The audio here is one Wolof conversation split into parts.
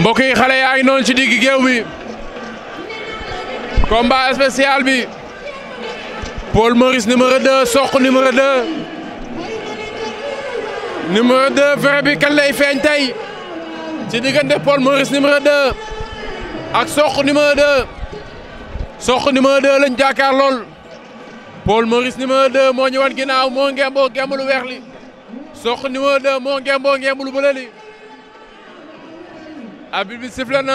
mbokk yi xale yaa ngi noonu ci digg géew bi combat spécial bi Paul Maurice numéro 2 Sokh numéro 2 numéro 2 fere bi kan lay feeñ tey ci diggante Paul Maurice numéro 2 ak Sokh numéro 2 Sokh numéro 2 lañ jàkkaar lool Paul Maurice numéro 2 moo ñëwoon ginnaaw moo ngemboo ngemb lu weex li Sokh numéro 2 moo ngemboo ngemb lu arbitre bi sifflé na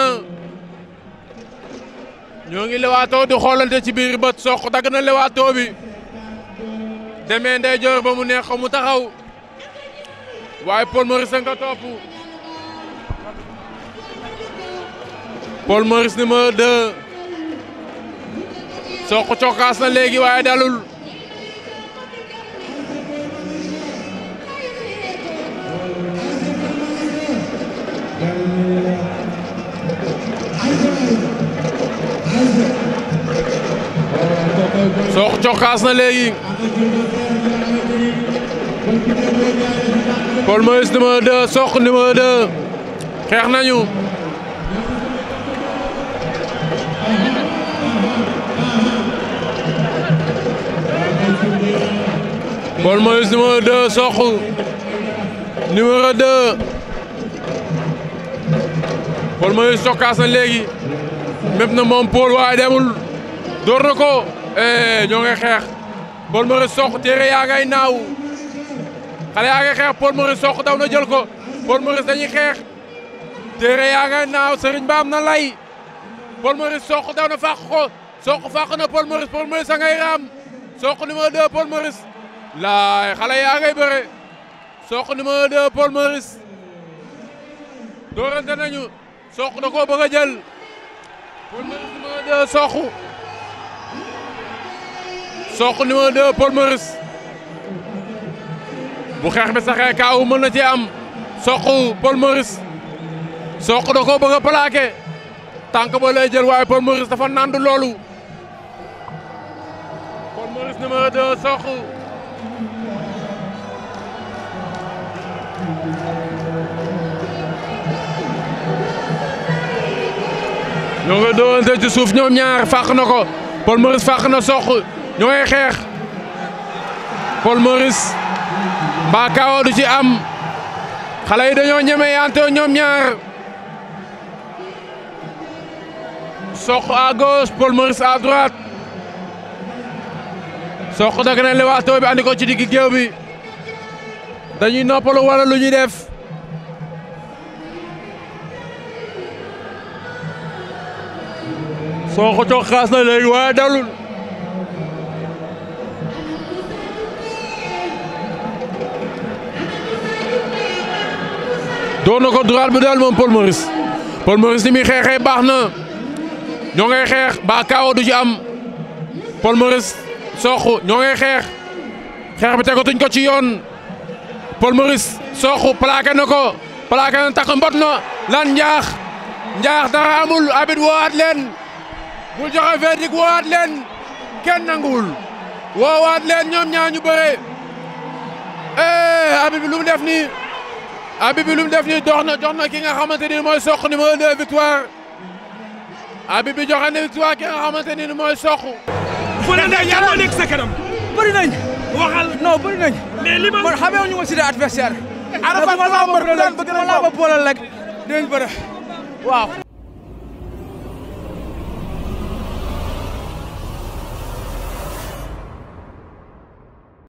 ñoo ngi lewaatoo di xoolante ci biir bët soq dagg na lewaatoo bi demee ndeyjoor ba mu neex mu taxaw waaye Paul Maurice nga topp Paul Maurice numéro 2 soq cokkaas na léegi waaye dalul. Sokh cokkaas na léegi Paul Maurice numéro 2 Sokh numéro 2 xeex nañu Paul Maurice numéro 2 Sokh numéro 2 Paul Maurice cokkaas na léegi mépp na moom Paul waaye demul door na ko eh, ñoo ngay xeex Paul Maurice soq téere yaa ngay naaw xale yaa ngay xeex Paul Maurice soq daw na jël ko Paul Maurice dañuy xeex téere yaa ngay naaw sëriñ ba am na lay Paul Maurice soq daw na fàq ko soq fàq na Paul Maurice Paul Maurice a ngay raam soq numéro 2 Paul Maurice laay xale yaa ngay bëre ma numéro 2 Paul Maurice doorante nañu sooko da koo bëgg a jël Paul Maurice numéro 2 Sokh Sokh numéro bu xeex bi saxee mën na ci am Sokh Paul Maurice Sokh da koo bëgg a jël waaye Paul Maurice dafa nandu loolu Paul ñoo ngay doonante ci suuf ñoom ñaar fàq na ko Paul Maurice fàq na soq ñoo ngay xeex Paul Maurice mbaa kaawoo du ci am xale yi dañoo ñeme yaante ñoom ñaar soq à gauche Paul Maurice à droite soq dagg na bi andi ko ci digg géew bi dañuy noppalu wala lu ñuy def. Sokhoto xaas na léegi waaye dalul doon na ko droit bi daal moom Paul Maurice Paul Maurice ni muy xeexee baax na ñoo ngay xeex ba kaawo du ci am Paul Maurice Sokhu ñoo ngay xeex xeex bi tegatuñ ko ko ci yoon Paul Maurice Sokhu plaqué na ko plaqué na takk mbot na lan njaax njaax dara amul abit woowaat leen bul joxe verdict woowaat leen kenn nanguwul woowaat leen ñoom ñaar ñu bëre eh, abit bi lumu def nii abit bi lu mu def nii dox na jox na ki nga xamante ni mooy soq numéro 2 bi joxe na victoire ki nga xamante ni mooy soq. bëri nañ yàlla nekk sa kanam. bëri nañ. waxal non bëri nañ. mais li ma man xamee ñu ma si adversaire. Arafat ma laa ma booleel rek dinañ bëre. waaw